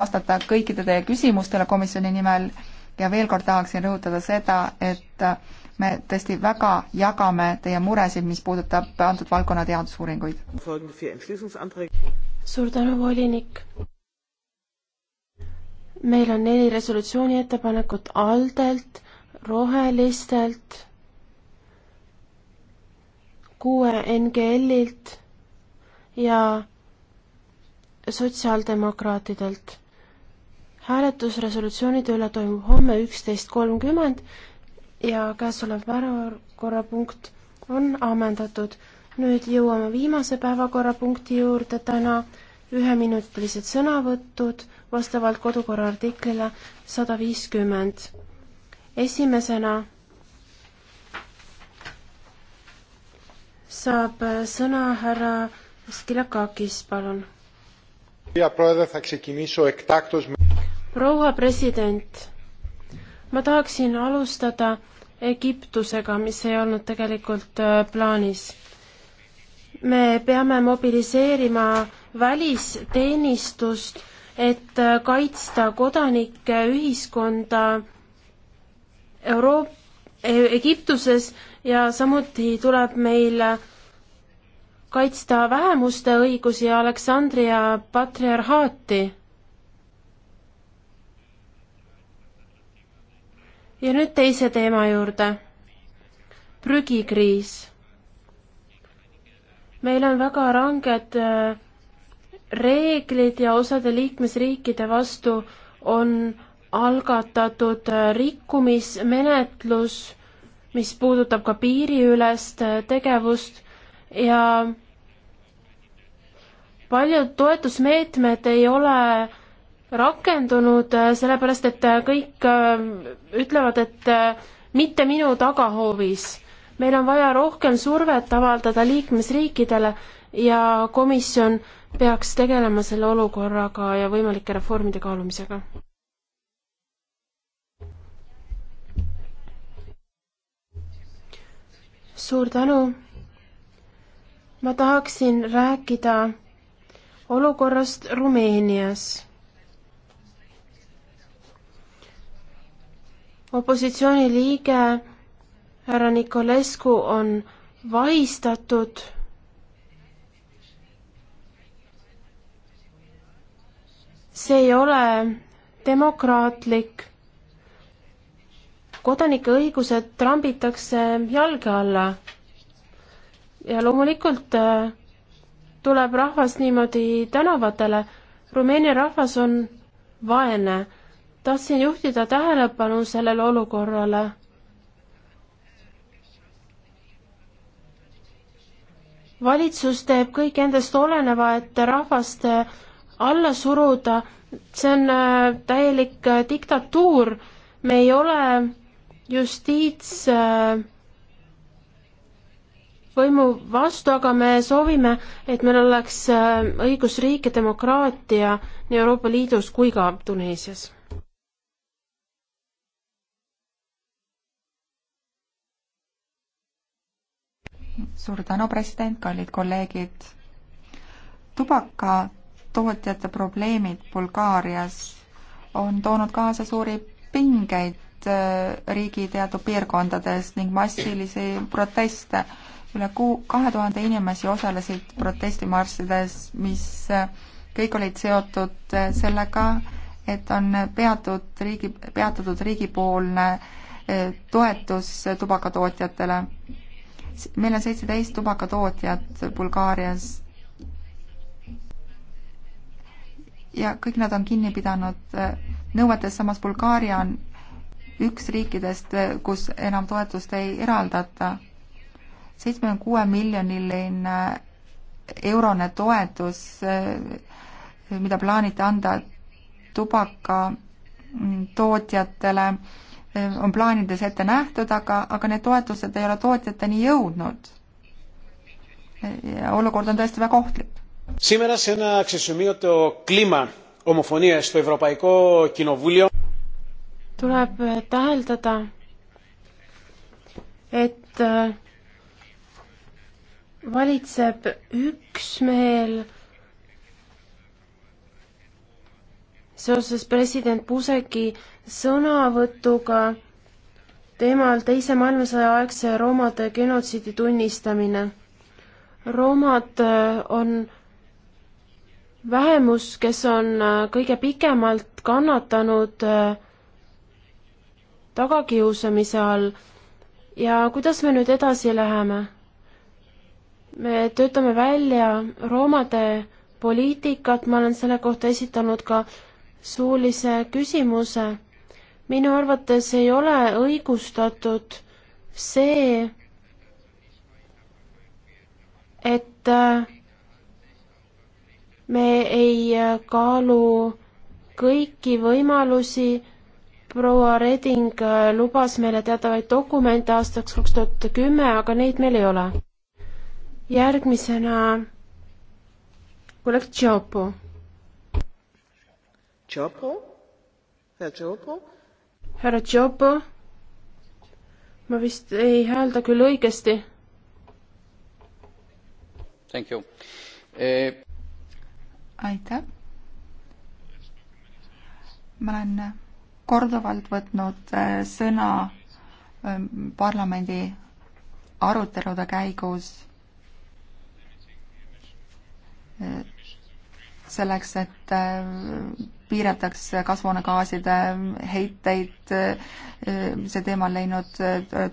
vastata kõikide teie küsimustele komisjoni nimel ja veel kord tahaksin rõhutada seda, et me tõesti väga jagame teie muresid, mis puudutab antud valdkonna teadusuuringuid. suur tänu, volinik! meil on neli resolutsiooni ettepanekut ALDE-lt, Rohelistelt, kuue NGL-ilt ja sotsiaaldemokraatidelt hääletus resolutsioonide üle toimub homme üksteist kolmkümmend ja käesolev päevakorrapunkt on ammendatud. nüüd jõuame viimase päevakorrapunkti juurde täna, üheminutilised sõnavõtud vastavalt kodukorra artiklile sada viiskümmend. esimesena saab sõna härra Skilakakis, palun. Κυρία Πρόεδρε, θα ξεκινήσω εκτάκτως proua president, ma tahaksin alustada Egiptusega, mis ei olnud tegelikult äh, plaanis. me peame mobiliseerima välisteenistust, et äh, kaitsta kodanike ühiskonda Euroop-, e-, Egiptuses ja samuti tuleb meil äh, kaitsta vähemuste õigusi ja Aleksandria patriarhaati. ja nüüd teise teema juurde. prügikriis. meil on väga ranged äh, reeglid ja osade liikmesriikide vastu on algatatud äh, rikkumismenetlus, mis puudutab ka piiriülest äh, tegevust ja paljud toetusmeetmed ei ole rakendunud, äh, sellepärast et äh, kõik äh, ütlevad, et mitte minu tagahoovis. meil on vaja rohkem survet avaldada liikmesriikidele ja komisjon peaks tegelema selle olukorraga ja võimalike reformide kaalumisega. suur tänu. ma tahaksin rääkida olukorrast Rumeenias opositsiooni liige härra Nikolescu on vahistatud. see ei ole demokraatlik. kodanike õigused trambitakse jalge alla. ja loomulikult äh, tuleb rahvas niimoodi tänavatele. Rumeenia rahvas on vaene tahtsin juhtida tähelepanu sellele olukorrale. valitsus teeb kõik endast oleneva, et rahvast alla suruda, see on äh, täielik äh, diktatuur, me ei ole justiits äh, võimu vastu, aga me soovime, et meil oleks õigusriik ja demokraatia nii Euroopa Liidus kui ka Tuneesias suur tänu, president, kallid kolleegid. tubakatootjate probleemid Bulgaarias on toonud kaasa suuri pingeid äh, riigi teatud piirkondades ning massilisi proteste. üle kuu, kahe tuhande inimesi osalesid protestimarssidest, mis äh, kõik olid seotud äh, sellega, et on peatud riigi, peatatud riigipoolne toetus tubakatootjatele meil on seitseteist tubakatootjat Bulgaarias. ja kõik nad on kinni pidanud äh, nõuetes, samas Bulgaaria on üks riikidest, äh, kus enam toetust ei eraldata. seitsmekümne kuue miljoniline äh, eurone toetus, mida plaanite anda tubakatootjatele mm, Äh, on plaanides ette nähtud, aga, aga need toetused ei ole tootjateni jõudnud. ja olukord on tõesti väga ohtlik. Σήμερα σε ένα αξιοσημείωτο κλίμα ομοφωνίας στο Ευρωπαϊκό Κοινοβούλιο tuleb täheldada, et valitseb üksmeel seoses president Puseki sõnavõtuga teemal Teise maailmasõja aegse roomade genotsiidi tunnistamine. roomad äh, on vähemus, kes on äh, kõige pikemalt kannatanud äh, tagakiusamise all ja kuidas me nüüd edasi läheme? me töötame välja roomade poliitikat, ma olen selle kohta esitanud ka suulise küsimuse. minu arvates ei ole õigustatud see, et äh, me ei äh, kaalu kõiki võimalusi, proua Reding äh, lubas meile teatavaid dokumente aastaks kaks tuhat kümme, aga neid meil ei ole. järgmisena kollektsioon. Ciopo? härra Ciopo? härra Ciopo? ma vist ei häälda küll õigesti. Thank you e. aitäh. ma olen korduvalt võtnud eh, sõna eh, parlamendi arutelude käigus selleks, et piiratakse kasvuhoonegaaside heiteid, see teema on leidnud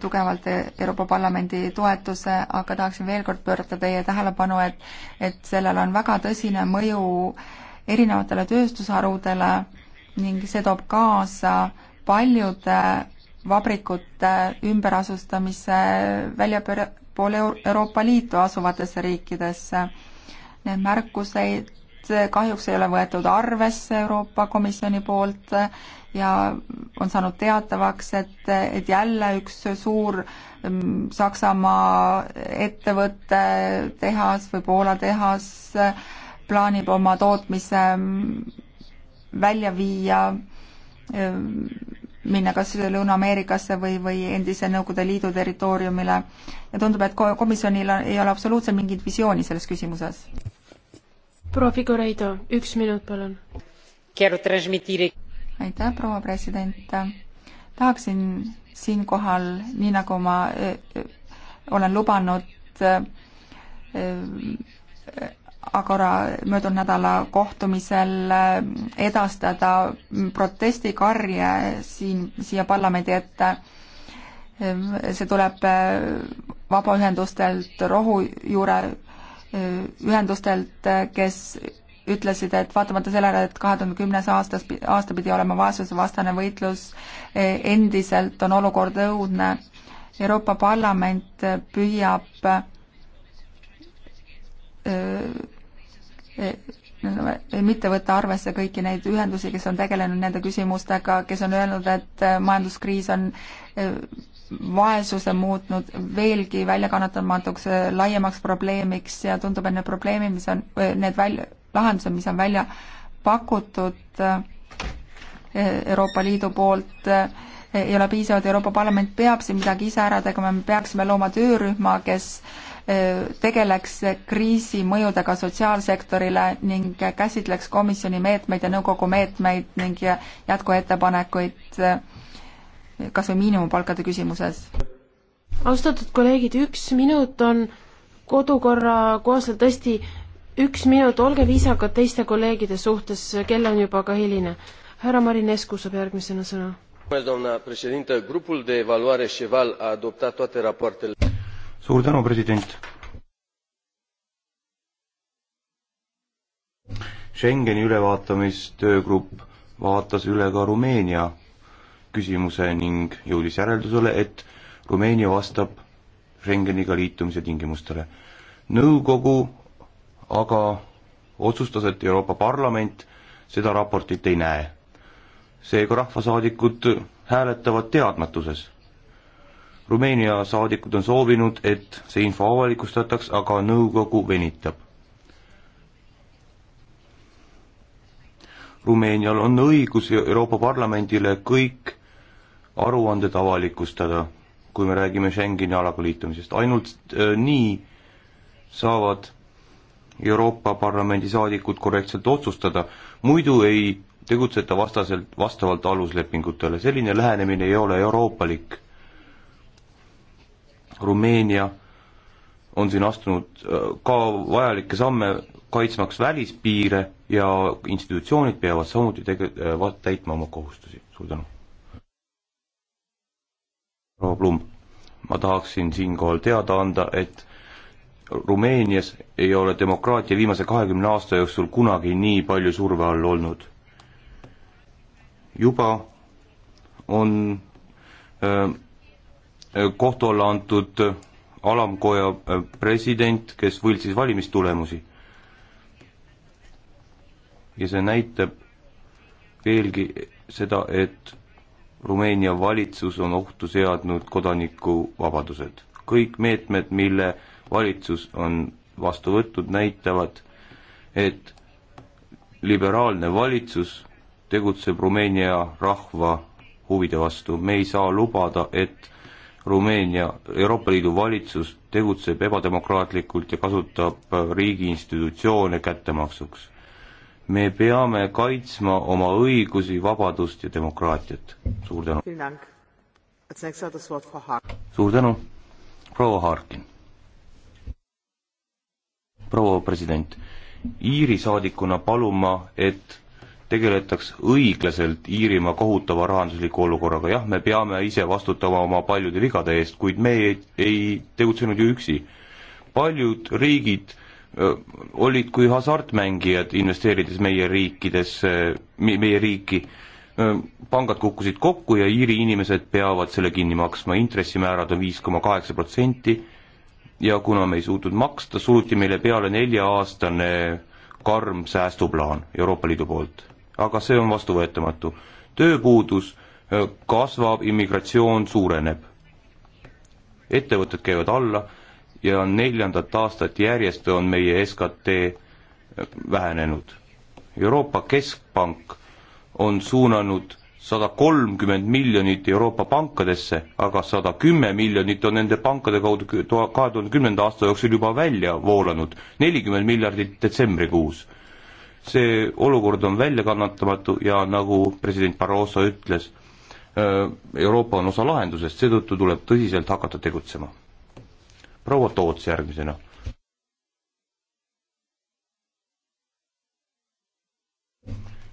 tugevalt Euroopa Parlamendi toetuse, aga tahaksin veel kord pöörata teie tähelepanu, et et sellel on väga tõsine mõju erinevatele tööstusharudele ning see toob kaasa paljude vabrikute ümberasustamise väljapoole Euroopa Liitu asuvatesse riikidesse. Need märkuseid kahjuks ei ole võetud arvesse Euroopa Komisjoni poolt ja on saanud teatavaks, et, et jälle üks suur mm, Saksamaa ettevõte, tehas või Poola tehas plaanib oma tootmise mm, välja viia, mm, minna kas Lõuna-Ameerikasse või, või endise Nõukogude Liidu territooriumile ja tundub, et komisjonil ei ole absoluutselt mingit visiooni selles küsimuses proua Figureido, üks minut, palun. aitäh, proua president. tahaksin siinkohal, nii nagu ma äh, olen lubanud äh, äh, Agora möödunud nädala kohtumisel edastada protestikarje siin, siia parlamendi ette. see tuleb vabaühendustelt, rohujuure Äh, ühendustelt, äh, kes ütlesid, et vaatamata sellele, et kahe tuhande kümnes aastas, aasta pidi olema vaesusevastane võitlus, e, endiselt on olukord õudne. Euroopa Parlament püüab e, e, mitte võtta arvesse kõiki neid ühendusi, kes on tegelenud nende küsimustega, kes on öelnud, et majanduskriis on vaesuse muutnud veelgi väljakannatamatuks laiemaks probleemiks ja tundub, et need probleemid, mis on, need välja, lahendused, mis on välja pakutud eh, Euroopa Liidu poolt, eh, ei ole piisavad, Euroopa Parlament peab siin midagi ise ära tegema, me peaksime looma töörühma, kes eh, tegeleks kriisi mõjudega sotsiaalsektorile ning käsitleks komisjoni meetmeid ja nõukogu meetmeid ning jätkuettepanekuid kas või miinimumpalkade küsimuses. austatud kolleegid, üks minut on kodukorra kohaselt tõesti üks minut, olge viisakad teiste kolleegide suhtes, kell on juba ka hiline. härra Marinescu saab järgmisena sõna. grupul de evaluare cheval a adoptat toate rapoartele suur tänu, president. Schengeni ülevaatamistöögrupp vaatas üle ka Rumeenia küsimuse ning jõudis järeldusele, et Rumeenia vastab Schengeniga liitumise tingimustele. nõukogu aga otsustas, et Euroopa Parlament seda raportit ei näe. seega rahvasaadikud hääletavad teadmatuses. Rumeenia saadikud on soovinud, et see info avalikustataks, aga nõukogu venitab. Rumeenial on õigus Euroopa Parlamendile kõik aruanded avalikustada, kui me räägime Schengeni alaga liitumisest, ainult äh, nii saavad Euroopa Parlamendi saadikud korrektselt otsustada, muidu ei tegutseta vastaselt, vastavalt aluslepingutele, selline lähenemine ei ole euroopalik. Rumeenia on siin astunud äh, ka vajalikke samme, kaitsmaks välispiire ja institutsioonid peavad samuti tege-, äh, täitma oma kohustusi, suur tänu proua Blum, ma tahaksin siinkohal teada anda, et Rumeenias ei ole demokraatia viimase kahekümne aasta jooksul kunagi nii palju surve all olnud. juba on öö, äh, kohtu alla antud alamkoja äh, president, kes võltsis valimistulemusi. ja see näitab veelgi seda, et Rumeenia valitsus on ohtu seadnud kodanikuvabadused. kõik meetmed, mille valitsus on vastu võtnud, näitavad, et liberaalne valitsus tegutseb Rumeenia rahva huvide vastu. me ei saa lubada, et Rumeenia Euroopa Liidu valitsus tegutseb ebademokraatlikult ja kasutab riigi institutsioone kättemaksuks me peame kaitsma oma õigusi, vabadust ja demokraatiat. suur tänu. suur tänu, proua Harkin. proua president, Iiri saadikuna palun ma, et tegeletaks õiglaselt Iirimaa kohutava rahandusliku olukorraga, jah, me peame ise vastutama oma paljude vigade eest, kuid me ei, ei tegutsenud ju üksi. paljud riigid olid kui hasartmängijad, investeerides meie riikidesse, meie riiki. pangad kukkusid kokku ja Iiri inimesed peavad selle kinni maksma, intressimäärad on viis koma kaheksa protsenti ja kuna me ei suutnud maksta, suruti meile peale nelja-aastane karm säästuplaan Euroopa Liidu poolt. aga see on vastuvõetamatu. tööpuudus kasvab, immigratsioon suureneb. ettevõtted käivad alla ja neljandat aastat järjest on meie SKT vähenenud. Euroopa Keskpank on suunanud sada kolmkümmend miljonit Euroopa pankadesse, aga sada kümme miljonit on nende pankade kaudu kahe tuhande kümnenda aasta jooksul juba välja voolanud, nelikümmend miljardit detsembrikuus. see olukord on väljakannatamatu ja nagu president Barroso ütles, äh, Euroopa on osa lahendusest, seetõttu tuleb tõsiselt hakata tegutsema proua Toots järgmisena.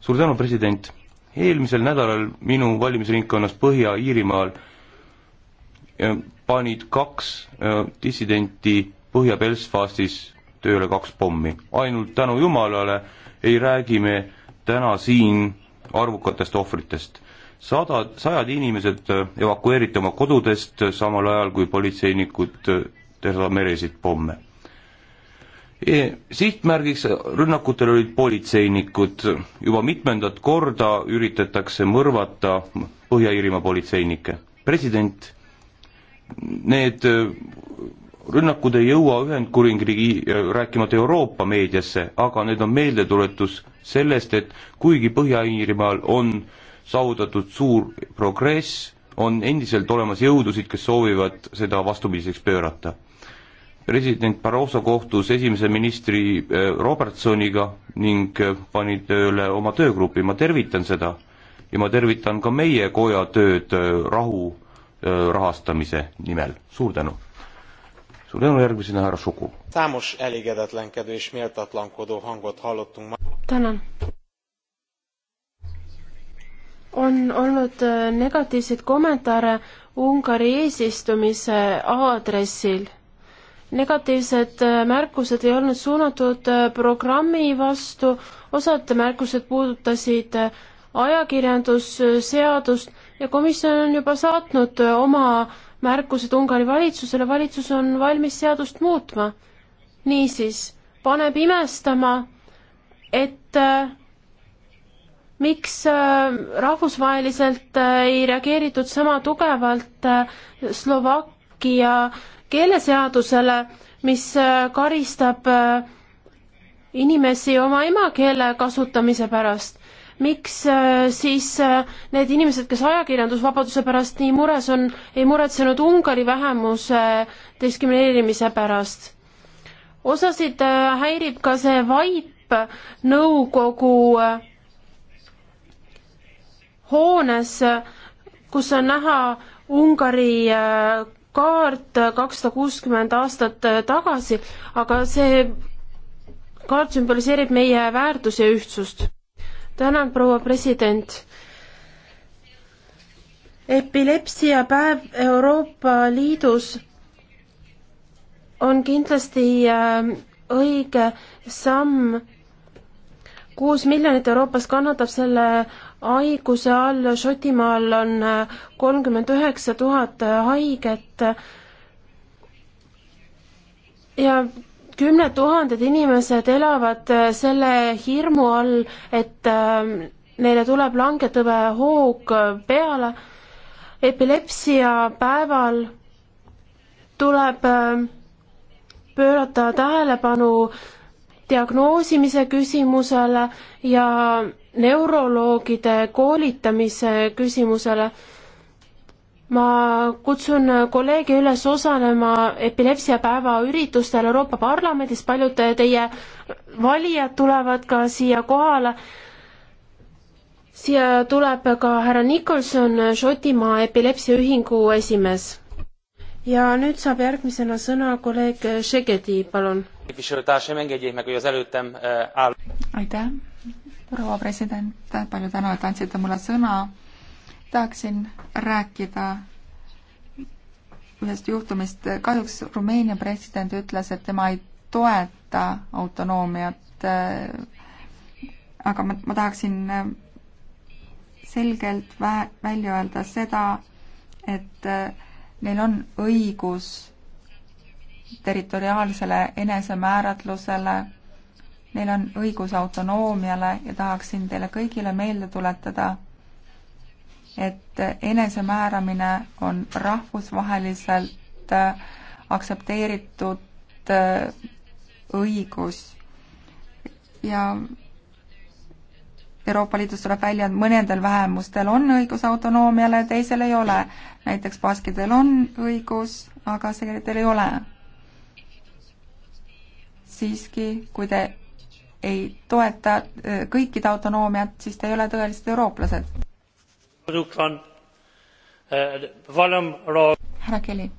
suur tänu, president. eelmisel nädalal minu valimisringkonnas Põhja-Iirimaal eh, panid kaks eh, dissidenti Põhja-Belfastis tööle kaks pommi. ainult tänu jumalale ei räägi me täna siin arvukatest ohvritest. sadad, sajad inimesed eh, evakueeriti oma kodudest, samal ajal kui politseinikud meresid pomme sihtmärgiks rünnakutel olid politseinikud, juba mitmendat korda üritatakse mõrvata Põhja-Iirimaa politseinikke. president, need äh, rünnakud ei jõua Ühendkuningriigi, äh, rääkimata Euroopa meediasse, aga need on meeldetuletus sellest, et kuigi Põhja-Iirimaal on saavutatud suur progress, on endiselt olemas jõudusid, kes soovivad seda vastupidiseks pöörata president Barroso kohtus esimese ministri eh, Robertsoniga ning eh, pani tööle oma töögrupi, ma tervitan seda ja ma tervitan ka meie koja tööd eh, rahu rahastamise nimel, suur tänu. suur tänu, järgmisena härra Suku. tänan. on olnud negatiivseid kommentaare Ungari eesistumise aadressil negatiivsed äh, märkused ei olnud suunatud äh, programmi vastu, osad märkused puudutasid äh, ajakirjandusseadust ja komisjon on juba saatnud oma märkused Ungari valitsusele, valitsus on valmis seadust muutma. niisiis, paneb imestama, et äh, miks rahvusvaheliselt ei reageeritud sama tugevalt Slovakkia keeleseadusele, mis äh, karistab äh, inimesi oma emakeele kasutamise pärast. miks äh, siis need inimesed, kes ajakirjandusvabaduse pärast nii mures on, ei muretsenud Ungari vähemuse diskrimineerimise pärast? osasid häirib ka see vaip nõukogu hoones, kus on näha Ungari kaart kakssada kuuskümmend aastat äh, tagasi, aga see kaart sümboliseerib meie väärtuse ühtsust. tänan, proua president. epilepsiapäev Euroopa Liidus on kindlasti äh, õige samm kuus miljonit Euroopas kannatab selle haiguse all Šotimaal on äh, kolmkümmend üheksa tuhat äh, haiget ja kümned tuhanded inimesed elavad äh, selle hirmu all, et neile tuleb langetõve hoog peale. epilepsia päeval tuleb pöörata tähelepanu diagnoosimise küsimusele ja neuroloogide koolitamise küsimusele. ma kutsun kolleege üles osalema epilepsiapäeva üritustel Euroopa Parlamendis, paljud teie valijad tulevad ka siia kohale. siia tuleb ka härra Nicholson, Šotimaa epilepsiaühingu esimees. ja nüüd saab järgmisena sõna kolleeg Šegedi, palun. Eh, aitäh proua president, palju tänu, et andsite mulle sõna. tahaksin rääkida ühest juhtumist. kahjuks Rumeenia president ütles, et tema ei toeta autonoomiat. aga ma, ma tahaksin selgelt vä-, välja öelda seda, et neil on õigus territoriaalsele enesemääratlusele neil on õigus autonoomiale ja tahaksin teile kõigile meelde tuletada, et enesemääramine on rahvusvaheliselt äh, aktsepteeritud äh, õigus ja Euroopa Liidus tuleb välja, et mõnedel vähemustel on õigus autonoomiale ja teisel ei ole. näiteks baskidel on õigus, aga segeritel ei ole. siiski, kui te ei toeta äh, kõikide autonoomiat, siis te ei ole tõelised eurooplased. Äh, härra Kelly.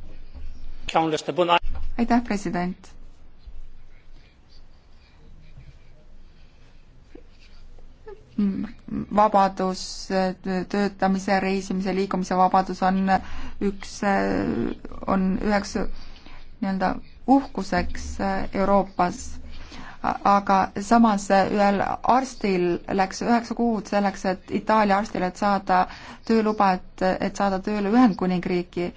aitäh, president. vabadus, äh, töötamise, reisimise, liikumise vabadus on üks, on üheks nii-öelda uhkuseks Euroopas aga samas ühel arstil läks üheksa kuud selleks, et Itaalia arstil, et saada tööluba, et, et saada tööle Ühendkuningriiki.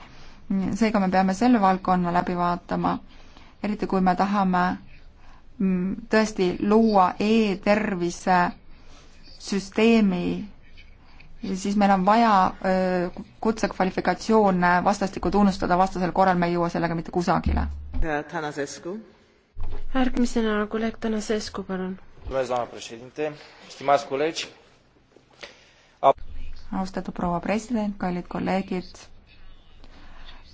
seega me peame selle valdkonna läbi vaatama, eriti kui me tahame mm, tõesti luua e-tervise süsteemi, siis meil on vaja kutsekvalifikatsioone vastastikku tunnustada, vastasel korral me ei jõua sellega mitte kusagile. Tanasescu järgmisena kolleeg Tanasescu, palun. austatud proua president, kallid kolleegid,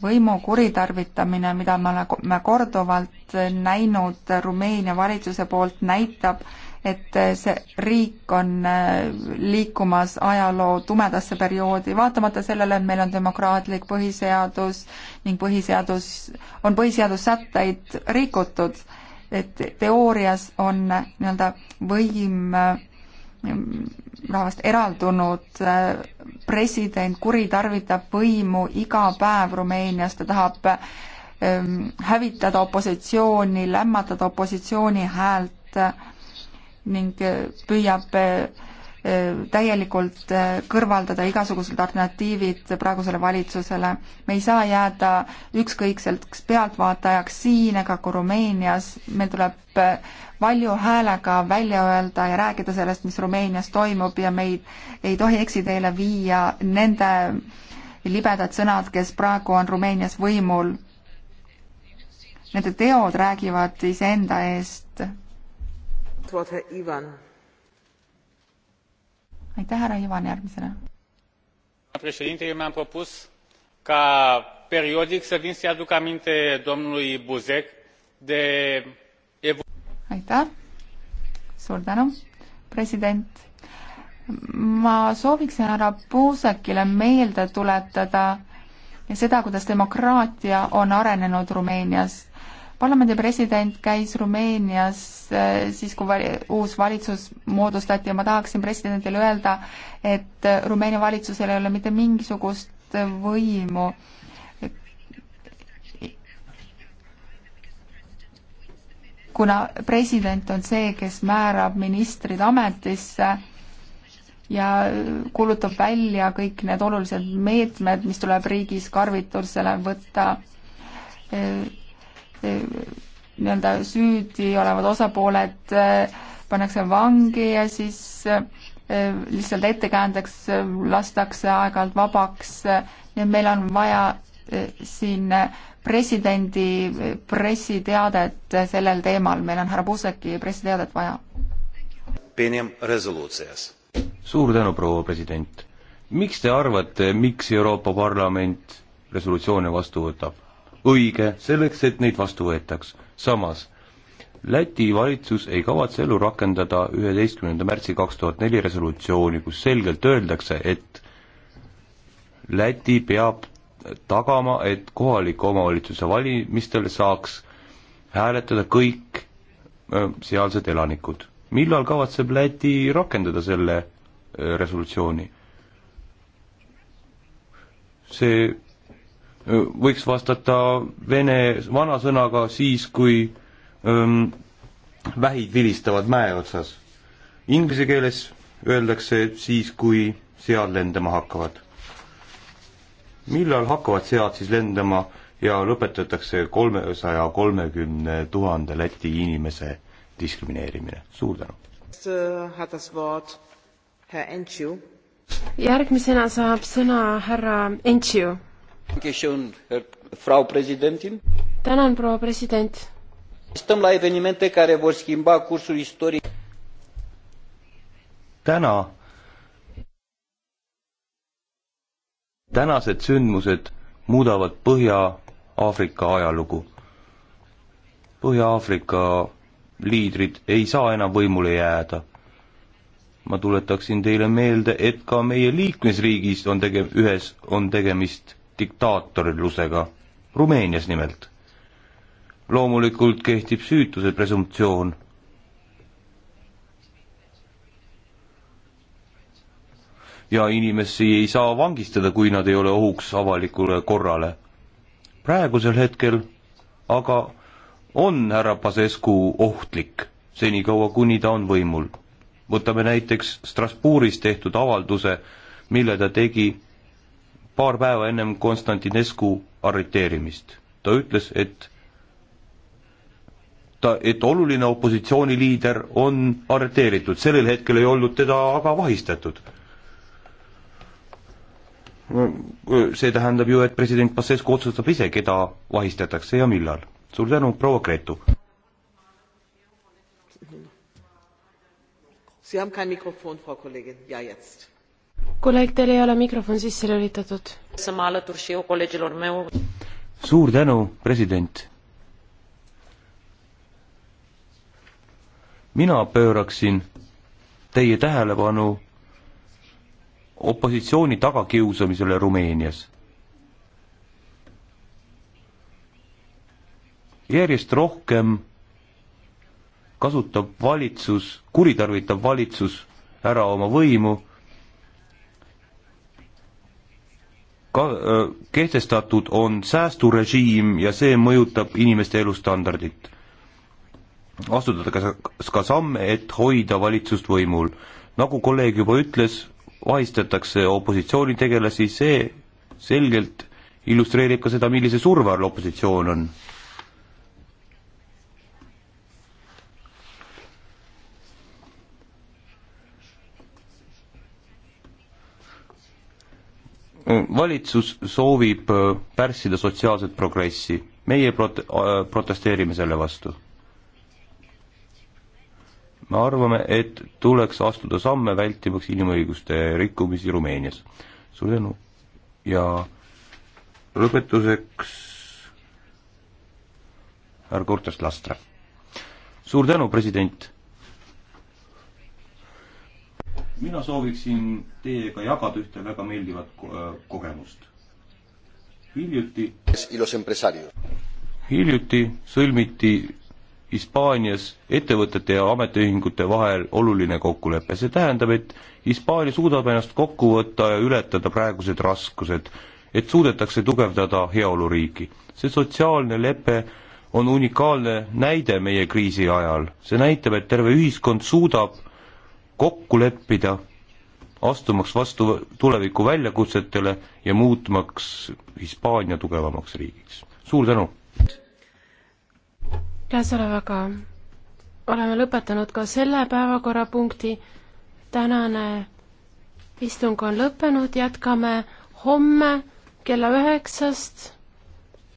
võimu kuritarvitamine, mida me oleme korduvalt näinud Rumeenia valitsuse poolt, näitab, et see riik on äh, liikumas ajaloo tumedasse perioodi, vaatamata sellele, et meil on demokraatlik põhiseadus ning põhiseadus, on põhiseadussätteid rikutud et teoorias on nii-öelda võim mm, rahvast eraldunud, president kuritarvitab võimu iga päev Rumeenias, ta tahab mm, hävitada opositsiooni, lämmatada opositsiooni häält ning püüab täielikult äh, kõrvaldada igasugused alternatiivid praegusele valitsusele. me ei saa jääda ükskõikseks pealtvaatajaks siin ega ka Rumeenias, meil tuleb äh, valju häälega välja öelda ja rääkida sellest, mis Rumeenias toimub ja meid ei tohi eksiteele viia nende libedad sõnad, kes praegu on Rumeenias võimul. Nende teod räägivad iseenda eest. Ivan aitäh, härra Ivan, järgmisena. eu mi-am propus ca periodic să vin să-i aduc aminte domnului Buzek de aitäh, suur tänu, president. ma sooviksin härra Buzekile meelde tuletada seda, kuidas demokraatia on arenenud Rumeenias parlamendi president käis Rumeenias eh, siis, kui vali, uus valitsus moodustati ja ma tahaksin presidendile öelda, et Rumeenia valitsusel ei ole mitte mingisugust võimu kuna president on see, kes määrab ministrid ametisse ja kuulutab välja kõik need olulised meetmed, mis tuleb riigis karvitusele võtta. Eh, nii-öelda süüdi olevad osapooled äh, pannakse vangi ja siis äh, lihtsalt ettekäändeks lastakse aeg-ajalt vabaks, nii et meil on vaja äh, siin presidendi pressiteadet sellel teemal, meil on härra Puuseki pressiteadet vaja. suur tänu, proua president. miks te arvate, miks Euroopa Parlament resolutsioone vastu võtab? õige selleks, et neid vastu võetaks. samas Läti valitsus ei kavatse ellu rakendada üheteistkümnenda märtsi kaks tuhat neli resolutsiooni, kus selgelt öeldakse, et Läti peab tagama, et kohaliku omavalitsuse valimistel saaks hääletada kõik sealsed elanikud. millal kavatseb Läti rakendada selle resolutsiooni? see võiks vastata vene vanasõnaga siis, kui öm, ähm, vähid vilistavad mäe otsas. Inglise keeles öeldakse siis, kui sead lendama hakkavad. millal hakkavad sead siis lendama ja lõpetatakse kolmesaja kolmekümne tuhande Läti inimese diskrimineerimine? suur tänu! järgmisena saab sõna härra Entšiu tänan, proua president. täna tänased sündmused muudavad Põhja-Aafrika ajalugu. Põhja-Aafrika liidrid ei saa enam võimule jääda. ma tuletaksin teile meelde, et ka meie liikmesriigis on tege-, ühes on tegemist diktaatorlusega, Rumeenias nimelt. loomulikult kehtib süütuse presumptsioon. ja inimesi ei saa vangistada, kui nad ei ole ohuks avalikule korrale. praegusel hetkel aga on härra Pasescu ohtlik, senikaua kuni ta on võimul. võtame näiteks Strasbourgis tehtud avalduse, mille ta tegi paar päeva ennem Konstantinescu arreteerimist. ta ütles, et ta, et oluline opositsiooniliider on arreteeritud, sellel hetkel ei olnud teda aga vahistatud. see tähendab ju, et president Pasescu otsustab ise, keda vahistatakse ja millal. suur tänu, proua Gretu. Sie haben kein Mikrofon, Frau Kollegin. Ja, jetzt kolleeg, teil ei ole mikrofon sisse lülitatud. suur tänu, president. mina pööraksin teie tähelepanu opositsiooni tagakiusamisele Rumeenias. järjest rohkem kasutab valitsus, kuritarvitab valitsus ära oma võimu ka kehtestatud on säästurežiim ja see mõjutab inimeste elustandardit. astuda ka, ka samme, et hoida valitsust võimul. nagu kolleeg juba ütles, vahistatakse opositsioonitegelasi, see selgelt illustreerib ka seda, millise surve all opositsioon on valitsus soovib äh, pärssida sotsiaalset progressi. meie prot-, äh, protesteerime selle vastu. me arvame, et tuleks astuda samme, vältimaks inimõiguste rikkumisi Rumeenias. suur tänu ja lõpetuseks härra Kurtas Lastra. suur tänu, president mina sooviksin teiega jagada ühte väga meeldivat ko äh, kogemust. hiljuti hiljuti sõlmiti Hispaanias ettevõtete ja ametiühingute vahel oluline kokkulepe, see tähendab, et Hispaania suudab ennast kokku võtta ja ületada praegused raskused, et suudetakse tugevdada heaoluriiki. see sotsiaalne lepe on unikaalne näide meie kriisi ajal, see näitab, et terve ühiskond suudab kokku leppida, astumaks vastu tuleviku väljakutsetele ja muutmaks Hispaania tugevamaks riigiks. suur tänu! käesolevaga oleme lõpetanud ka selle päevakorrapunkti. tänane istung on lõppenud, jätkame homme kella üheksast